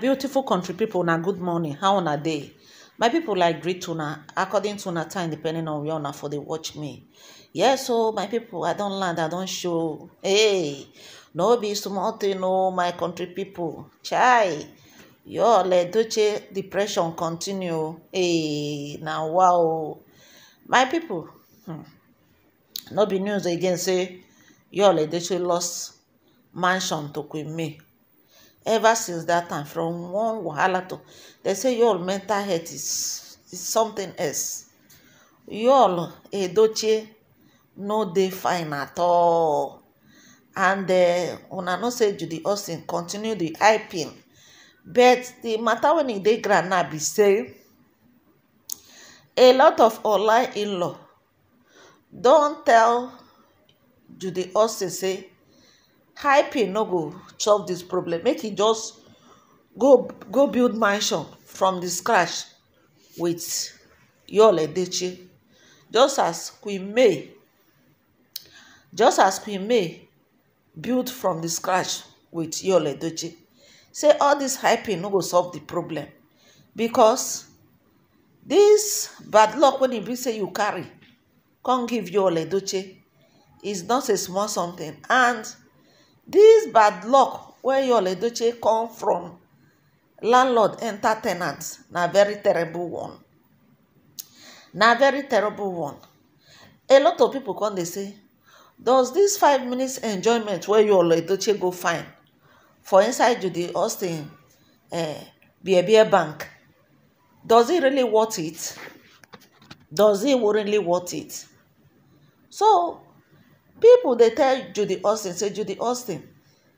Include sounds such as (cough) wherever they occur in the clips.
beautiful country people. na good morning how una dey my people like greet una according to una time depending on where una for dey watch me yes o my people. i don land i don show hey no be small thing Oh my country pipo chai your ledoche depression continue hey na wow my people. hmm no be news again say your ledoche lost mansion to queen may ever since that time from one wahala to they say your mental health is is something else your edoche no dey fine at all and una know say judy austin continue the hyping but the matter when e dey ground now be say a lot of online in law don tell judy austin say hyping no go solve this problem make e just go go build mansion from the scratch with yole edeche just as queen may just as queen may build from the scratch with yole edoche say all this hyping no go solve the problem because this bad luck when you be say you carry can't give yul edoche is not a small something and This bad luck wey yul edochie come from landlord enter ten ant na very terrible one na very terrible one a lot of people come dey say does this five minutes enjoyment wey yul edochie go find for inside judy austin eh, beer bank does it really worth it does it really worth it so pipo dey tell judy austin say judy austin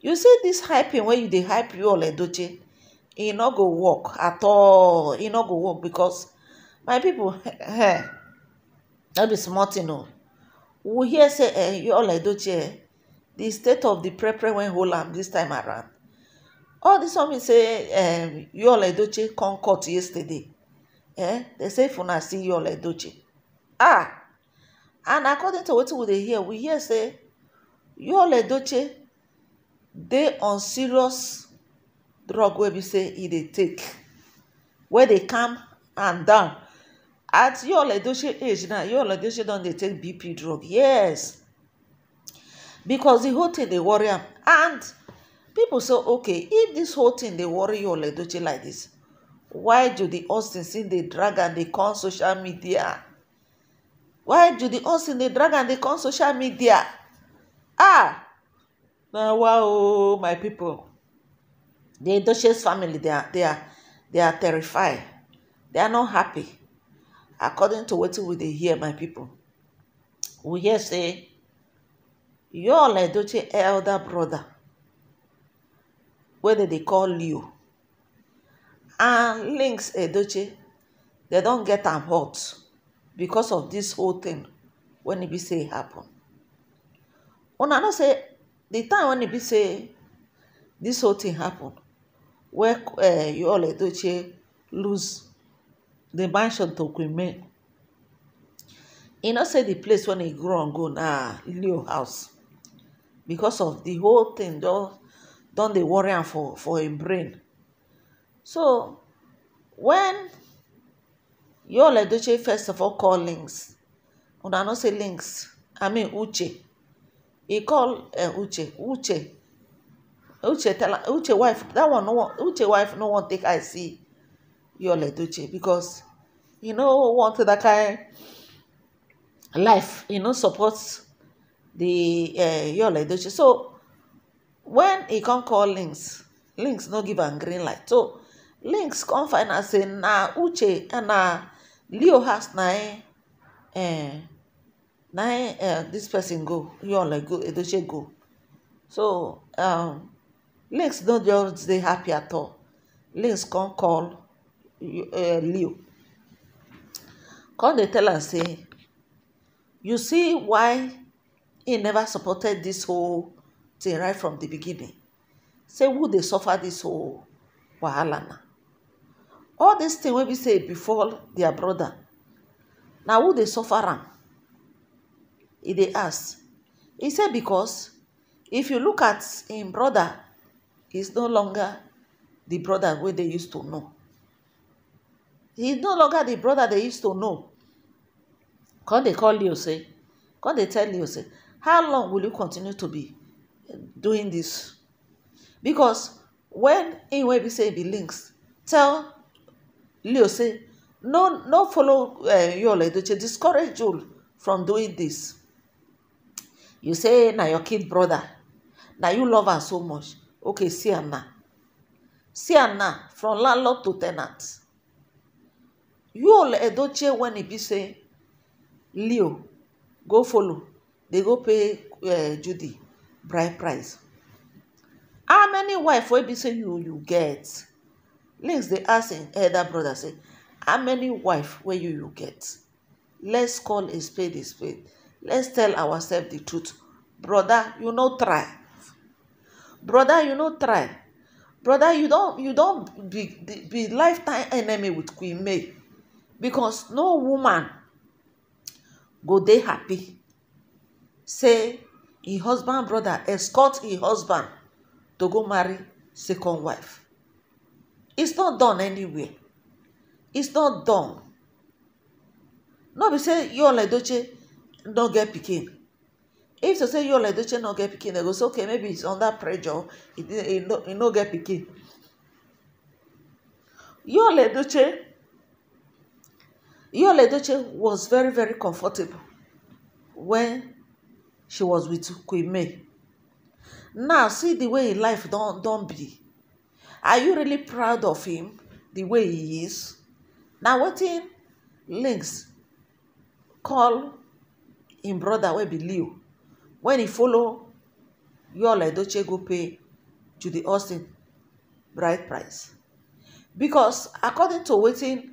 you see dis hyping wey you dey hype you all doche. e no go work at all e no go work because my pipo (laughs) eh no be small tin o we hear say eh you all doche? di eh, state of di prepare wey hold am dis time around all dis one mean say eh all doche come court yesterday eh dem say if una see all doche. ah and according to wetin we dey hear we hear say yul edochie dey on serious drug wey be say e dey take wey dey calm am down at yul edochie age now yul edochie don dey take bp drug yes because the whole thing dey worry am and people say okay if this whole thing dey worry yul edochie like this why judy austin still dey drag am dey come social media why do judy osin dey drag am dey come social media ah na wa o my people. The edoches family they are they they are, are terrified they are not happy according to wetin we dey hear my people, we hear say your edoche elder brother. wey dem dey call leo and links edoche dem don get am hot because of this whole thing when e be say e happen una know say the time when e be say this whole thing happen where eh, you all yul edochie lose the mansion to queen may e know say the place when e grow and go na leo house because of the whole thing don dey worry am for for im brain so when. you all edoche first of all call links una no say links i mean uche He call eh, uche uche uche tell uche wife that one no one. uche wife no one take I see you all edoche because you know want that kind life You know support the you all edoche so when he come call links links no give a green light so links come find out say na uche na leo house na im um na im um dis person go Iyuola go Edochie go so um links no just dey happy at all Links come call um leo come dey tell am say you see why he never supported this whole thing right from the beginning say who dey suffer this whole wahala na all dis thing wey we say e befall dia broda na who they suffer am He they ask He said because if you look at him, brother, he's no longer the brother where they used to know He's no longer the brother they used to know Can they call you say Can they tell you say how long will you continue to be doing this? because when in where we say be links tell Leo say, no, no follow uh, Yul Edochie, discourage you from doing this. You say now your kid brother, now you love her so much. Okay, see her now. See her now, from landlord to tenant. Yul Edochie when e be say Leo go follow, They go pay uh, Judy bride price. How many wife will be say you you get? Links dey ask him elder brother say, how many wife will you you get? Let's call a spade a spade. Let's tell ourselves the truth. Brother, you no try. Brother, you no try. Brother, you don't you don't be, be lifetime enemy with Queen May because no woman go dey happy say im husband brother escort im husband to go marry second wife it's not done anywhere it's not done no be say yola edoche no get pikin if to say yola edoche no get pikin they go say okay maybe he's under pressure he, he, no, he no get pikin yola edoche yola edoche was very very comfortable when she was with queen may now see the way im life don don be Are you really proud of him the way he is? Na wetin Links call him brother wey be Leo When he follow Yul Edochie go pay to the Austin bride price. Because according to waiting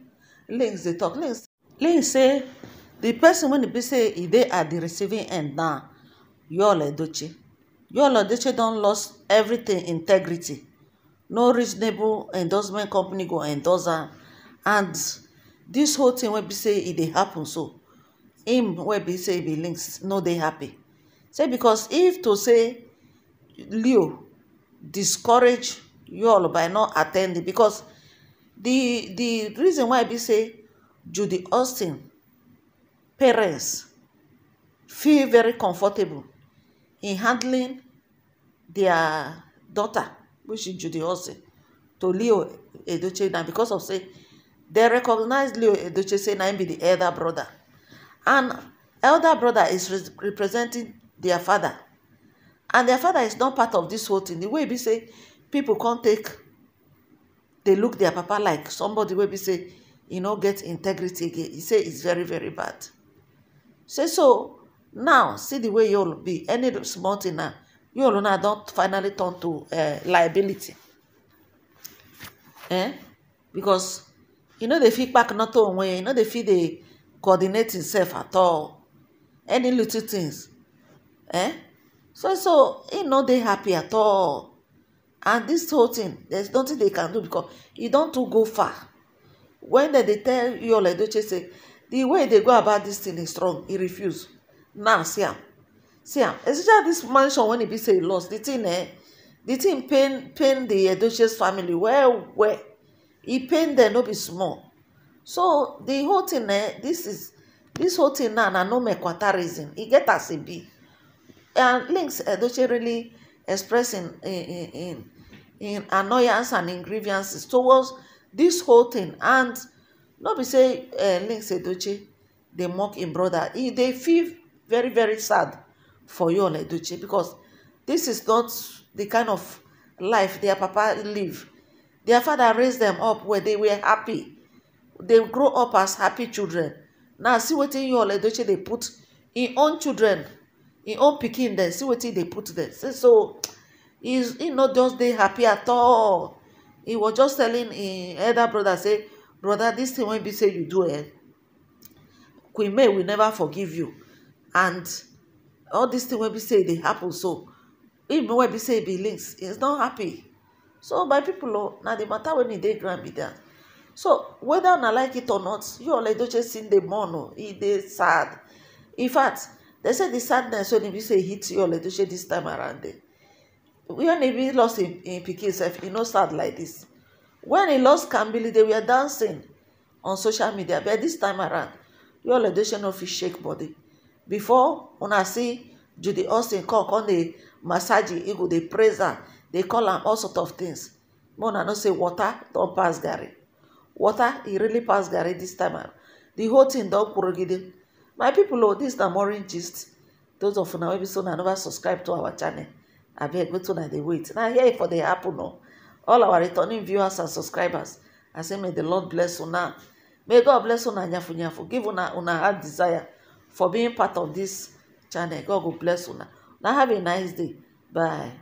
Links they talk, Links, Links say the person wey be say they are the receiving end na Yul Edochie. Yul Edochie don lost everything integrity no reasonable endorsement company go endorse am and dis whole thing wey be say e dey happen so im wey be say e be links no dey happy say because if to say leo discourage yall by not attending because the the reason why be say judy austin parents feel very comfortable in handling their daughter which is Judy to Leo Edoche now because of say they recognize Leo Edoche say now be the elder brother. And elder brother is re representing their father. And their father is not part of this whole thing. The way we say people can't take they look their papa like somebody wey be say you know get integrity again He say it's very very bad say so now see the way you will be any small thing now You euro now don't finally turn to eh, liability eh because you e no dey not kpacknoto way. You know they feel they coordinate himself at all any little things eh so so e no they happy at all and this whole thing there's nothing they can do because you don't too go far When they they tell you yul edochie say the way they go about this thing is strong He refuse now see am see am especially dis mansion when e be say lost the thing eh the thing pain pain the edoches family well well he pain dem no be small so the whole thing eh this is this whole thing now na no make mekwata reason he get as e be and links edoche really expressing in in in in annoyance and in grievances towards this whole thing, and no be say eh, links edoche dey mock im brother. He they feel very very sad for you on Edochie because this is not the kind of life their papa live. Their father raised them up where they were happy. They grow up as happy children. Now see what wetin you all Edochie dey put in own children, in own picking them. see wetin they put dem. So, so he not just they happy at all. He was just telling his elder brother say, "Brother, this thing won't be say you do it. Eh, Queen May will never forgive you." And all dis thing wey be say they e happen so even when we say e be links e not happy so my people, o oh, na di matter when e dey ground be dat so whether I like it or not you only edoche just see the o oh, e dey sad in fact they say the sadness when we say e hits you ole edoche dis time around dem when e be lost in pikin sef you e know sad like this. When e lost kambili they were dancing on social media but this time around you ole edoche no fit shake body before una see judy austin come come dey massage e go dey praise am dey call am all sort of things more una know say water don pass garri water e really pass garri this time the whole thing don kurogide my people o dis na morning gist those of una wey be so na never subscribe to our channel abeg wetin una dey wait na here e for dey happen o oh, all our returning viewers and subscribers i say may the lord bless una may god bless una nyafu nyafu give una una heart desire for being part of dis channel god go bless una una have a nice day bye.